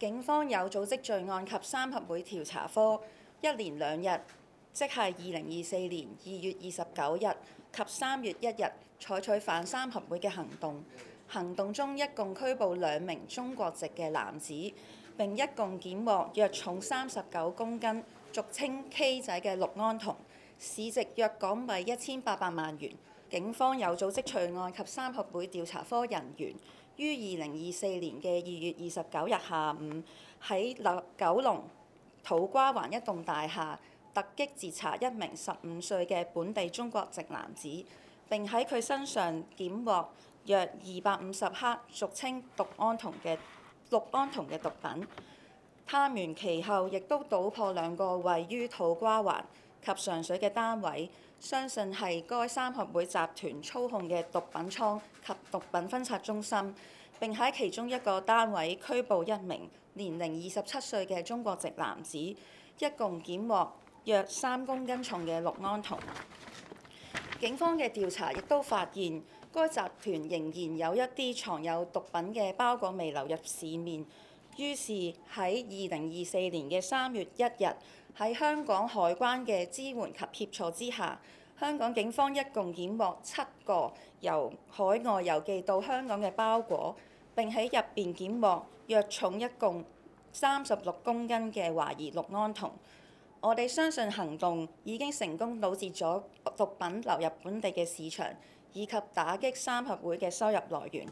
警方有組織罪案及三合會調查科一連兩日，即係二零二四年二月二十九日及三月一日，採取反三合會嘅行動。行動中一共拘捕兩名中國籍嘅男子，並一共檢獲約重三十九公斤、俗稱 K 仔嘅氯胺酮，市值約港幣一千八百萬元。警方有組織罪案及三合會調查科人員於二零二四年嘅二月二十九日下午喺立九龍土瓜灣一棟大廈突擊截查一名十五歲嘅本地中國籍男子，並喺佢身上檢獲約二百五十克俗稱毒安酮嘅氯胺酮嘅毒品。探員其後，亦都搗破兩個位於土瓜灣及上水嘅單位，相信係該三合會集團操控嘅毒品倉及毒品分拆中心，並喺其中一個單位拘捕一名年齡二十七歲嘅中國籍男子，一共檢獲約三公斤重嘅氯胺酮。警方嘅調查亦都發現，該集團仍然有一啲藏有毒品嘅包裹未流入市面。於是喺二零二四年嘅三月一日，喺香港海關嘅支援及協助之下，香港警方一共檢獲七個由海外郵寄到香港嘅包裹，並喺入邊檢獲約重一共三十六公斤嘅懷疑氯胺酮。我哋相信行動已經成功堵截咗毒品流入本地嘅市場，以及打擊三合會嘅收入來源。